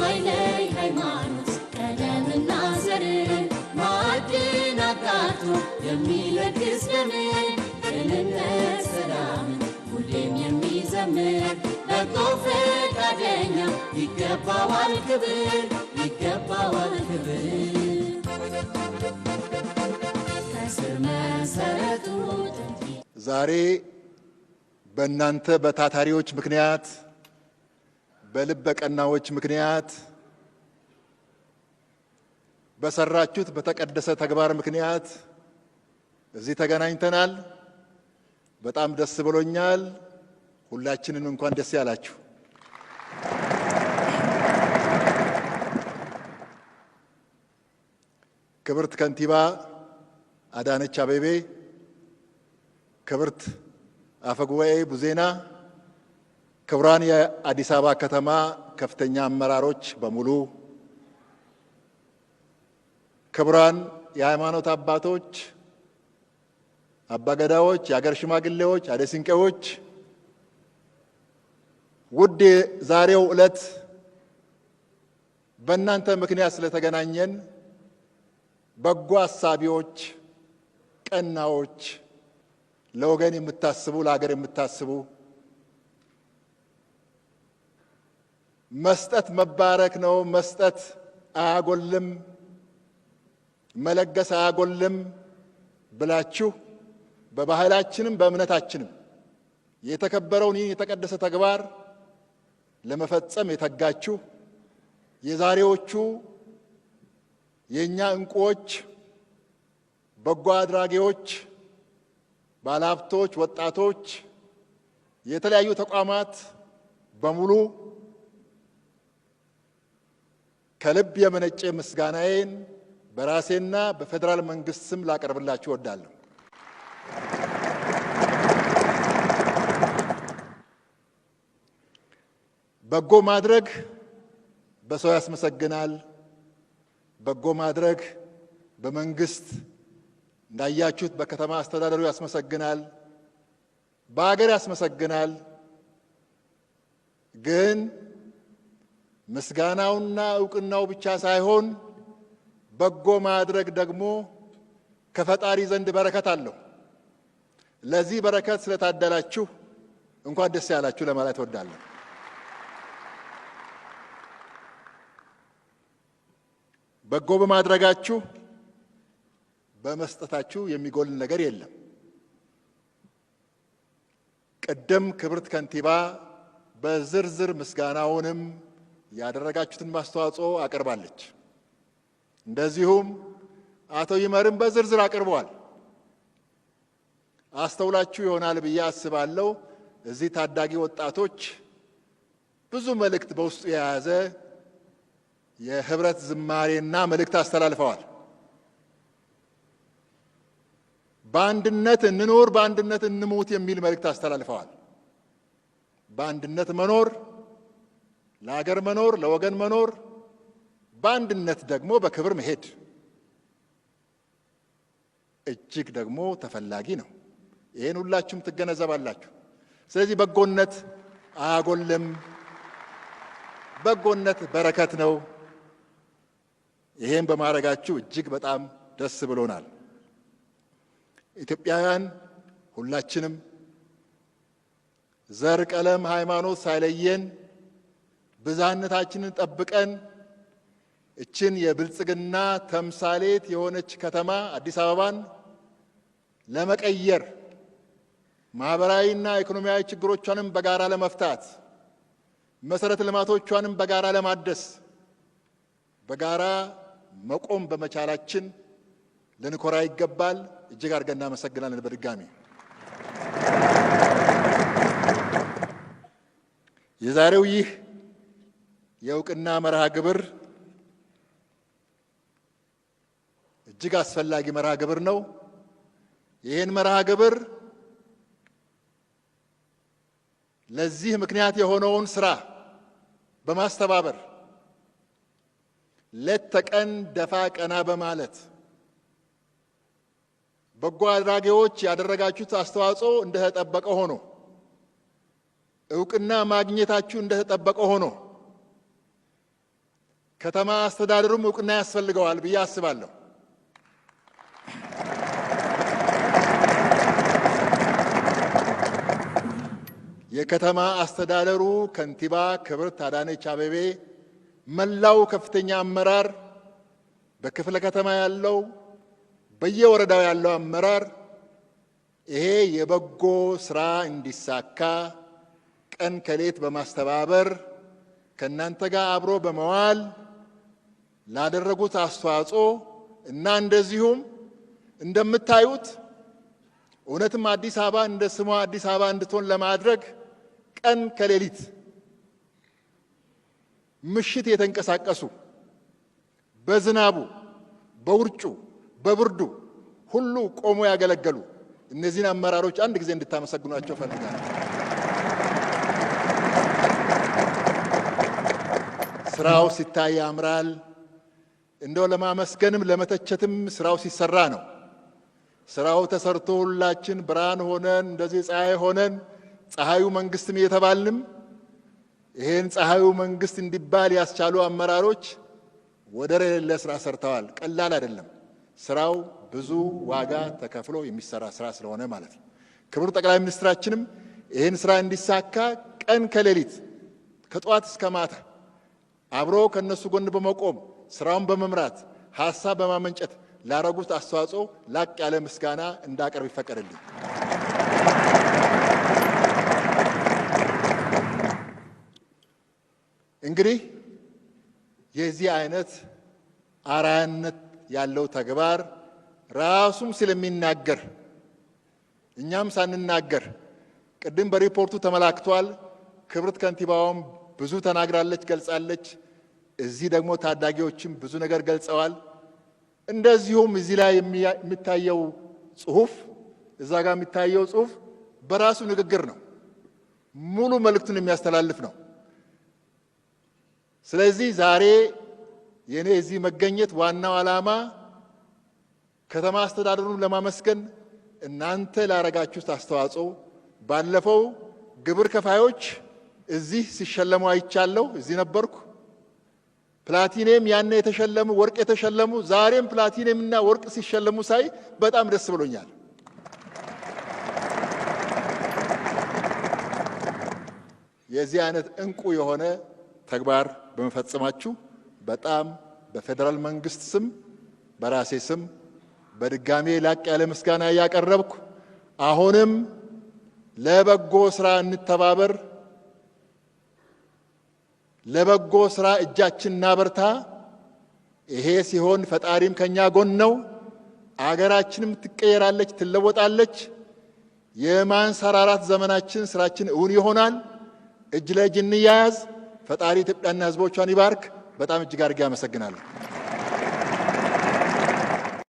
ማይለይ ሃይማኖት ቀለምና ዘር ማዕድን አጋርቶ የሚለግስ ደም ቅንነት ሰላምን ሁሌም የሚዘምር በጎ ፈቃደኛ ይገባዋል ክብር ይገባዋል ክብር ዛሬ በእናንተ በታታሪዎች ምክንያት በልበ ቀናዎች ምክንያት በሰራችሁት በተቀደሰ ተግባር ምክንያት እዚህ ተገናኝተናል። በጣም ደስ ብሎኛል። ሁላችንን እንኳን ደስ ያላችሁ። ክብርት ከንቲባ አዳነች አቤቤ፣ ክብርት አፈጉባኤ ቡዜና ክቡራን የአዲስ አበባ ከተማ ከፍተኛ አመራሮች በሙሉ፣ ክቡራን የሃይማኖት አባቶች፣ አባገዳዎች፣ የአገር ሽማግሌዎች፣ አደ ውድ ዛሬው ዕለት በእናንተ ምክንያት ስለተገናኘን በጎ አሳቢዎች፣ ቀናዎች፣ ለወገን የምታስቡ ለሀገር የምታስቡ መስጠት መባረክ ነው። መስጠት አያጎልም፣ መለገስ አያጎልም ብላችሁ በባህላችንም በእምነታችንም የተከበረውን ይህን የተቀደሰ ተግባር ለመፈጸም የተጋችሁ የዛሬዎቹ የእኛ እንቁዎች፣ በጎ አድራጊዎች፣ ባለሀብቶች፣ ወጣቶች፣ የተለያዩ ተቋማት በሙሉ ከልብ የመነጨ ምስጋናዬን በራሴና በፌዴራል መንግስት ስም ላቀርብላችሁ እወዳለሁ። በጎ ማድረግ በሰው ያስመሰግናል። በጎ ማድረግ በመንግስት እንዳያችሁት በከተማ አስተዳደሩ ያስመሰግናል፣ በሀገር ያስመሰግናል ግን ምስጋናውና እውቅናው ብቻ ሳይሆን በጎ ማድረግ ደግሞ ከፈጣሪ ዘንድ በረከት አለው። ለዚህ በረከት ስለታደላችሁ እንኳን ደስ ያላችሁ ለማለት እወዳለሁ። በጎ በማድረጋችሁ በመስጠታችሁ የሚጎል ነገር የለም። ቅድም ክብርት ከንቲባ በዝርዝር ምስጋናውንም ያደረጋችሁትን ማስተዋጽኦ አቅርባለች። እንደዚሁም አቶ ይመርም በዝርዝር አቅርበዋል። አስተውላችሁ ይሆናል ብዬ አስባለሁ። እዚህ ታዳጊ ወጣቶች ብዙ መልእክት በውስጡ የያዘ የህብረት ዝማሬና መልእክት አስተላልፈዋል። በአንድነት እንኖር፣ በአንድነት እንሙት የሚል መልእክት አስተላልፈዋል። በአንድነት መኖር ለሀገር መኖር፣ ለወገን መኖር፣ በአንድነት ደግሞ በክብር መሄድ እጅግ ደግሞ ተፈላጊ ነው። ይህን ሁላችሁም ትገነዘባላችሁ። ስለዚህ በጎነት አያጎልም። በጎነት በረከት ነው። ይሄን በማድረጋችሁ እጅግ በጣም ደስ ብሎናል። ኢትዮጵያውያን ሁላችንም ዘር፣ ቀለም፣ ሃይማኖት ሳይለየን ብዝሃነታችንን ጠብቀን እችን የብልጽግና ተምሳሌት የሆነች ከተማ አዲስ አበባን ለመቀየር ማህበራዊና ኢኮኖሚያዊ ችግሮቿንም በጋራ ለመፍታት መሰረተ ልማቶቿንም በጋራ ለማደስ በጋራ መቆም በመቻላችን ልንኮራ ይገባል። እጅግ አድርገን እናመሰግናለን። በድጋሚ የዛሬው ይህ የእውቅና መርሃ ግብር እጅግ አስፈላጊ መርሃ ግብር ነው። ይህን መርሃ ግብር ለዚህ ምክንያት የሆነውን ስራ በማስተባበር ሌት ተቀን ደፋ ቀና በማለት በጎ አድራጊዎች ያደረጋችሁት አስተዋጽኦ እንደተጠበቀ ሆኖ እውቅና ማግኘታችሁ እንደተጠበቀ ሆኖ ከተማ አስተዳደሩም እውቅና ያስፈልገዋል ብዬ አስባለሁ። የከተማ አስተዳደሩ ከንቲባ ክብርት አዳነች አቤቤ፣ መላው ከፍተኛ አመራር፣ በክፍለ ከተማ ያለው፣ በየወረዳው ያለው አመራር ይሄ የበጎ ስራ እንዲሳካ ቀን ከሌት በማስተባበር ከእናንተ ጋር አብሮ በመዋል ላደረጉት አስተዋጽኦ እና እንደዚሁም እንደምታዩት እውነትም አዲስ አበባ እንደ ስሟ አዲስ አበባ እንድትሆን ለማድረግ ቀን ከሌሊት ምሽት የተንቀሳቀሱ በዝናቡ፣ በውርጩ፣ በብርዱ ሁሉ ቆሞ ያገለገሉ እነዚህን አመራሮች አንድ ጊዜ እንድታመሰግኗቸው ፈልጋለሁ። ስራው ሲታይ ያምራል። እንደው ለማመስገንም ለመተቸትም ስራው ሲሰራ ነው። ስራው ተሰርቶ ሁላችን ብርሃን ሆነን እንደዚህ ፀሐይ ሆነን ፀሐዩ መንግስትም እየተባልንም ይሄን ፀሐዩ መንግስት እንዲባል ያስቻሉ አመራሮች ወደር የሌለ ስራ ሰርተዋል። ቀላል አይደለም ስራው ብዙ ዋጋ ተከፍሎ የሚሰራ ስራ ስለሆነ ማለት ነው። ክቡር ጠቅላይ ሚኒስትራችንም ይህን ስራ እንዲሳካ ቀን ከሌሊት ከጠዋት እስከ ማታ አብሮ ከነሱ ጎን በመቆም ስራውን በመምራት ሀሳብ በማመንጨት ላረጉት አስተዋጽኦ ላቅ ያለ ምስጋና እንዳቀርብ ይፈቀድልኝ። እንግዲህ የዚህ አይነት አርአያነት ያለው ተግባር ራሱም ስለሚናገር እኛም ሳንናገር ቅድም በሪፖርቱ ተመላክቷል። ክብርት ከንቲባውም ብዙ ተናግራለች፣ ገልጻለች። እዚህ ደግሞ ታዳጊዎችም ብዙ ነገር ገልጸዋል። እንደዚሁም እዚህ ላይ የሚታየው ጽሁፍ እዛ ጋር የሚታየው ጽሁፍ በራሱ ንግግር ነው፣ ሙሉ መልእክቱን የሚያስተላልፍ ነው። ስለዚህ ዛሬ የእኔ እዚህ መገኘት ዋናው ዓላማ ከተማ አስተዳደሩን ለማመስገን እናንተ ላረጋችሁት አስተዋጽኦ ባለፈው ግብር ከፋዮች እዚህ ሲሸለሙ አይቻለሁ። እዚህ ነበርኩ። ፕላቲኒየም ያነ የተሸለሙ ወርቅ የተሸለሙ ዛሬም ፕላቲኒየም እና ወርቅ ሲሸለሙ ሳይ በጣም ደስ ብሎኛል። የዚህ አይነት እንቁ የሆነ ተግባር በመፈጸማችሁ በጣም በፌዴራል መንግስት ስም በራሴ ስም በድጋሜ ላቅ ያለ ምስጋና እያቀረብኩ አሁንም ለበጎ ስራ እንተባበር ለበጎ ስራ እጃችን እናበርታ። ይሄ ሲሆን ፈጣሪም ከኛ ጎን ነው፣ አገራችንም ትቀየራለች፣ ትለወጣለች። የማንሰራራት ዘመናችን ስራችን እውን ይሆናል። እጅ ለእጅ እንያያዝ። ፈጣሪ ኢትዮጵያና ሕዝቦቿን ይባርክ። በጣም እጅግ አድርጌ አመሰግናለሁ።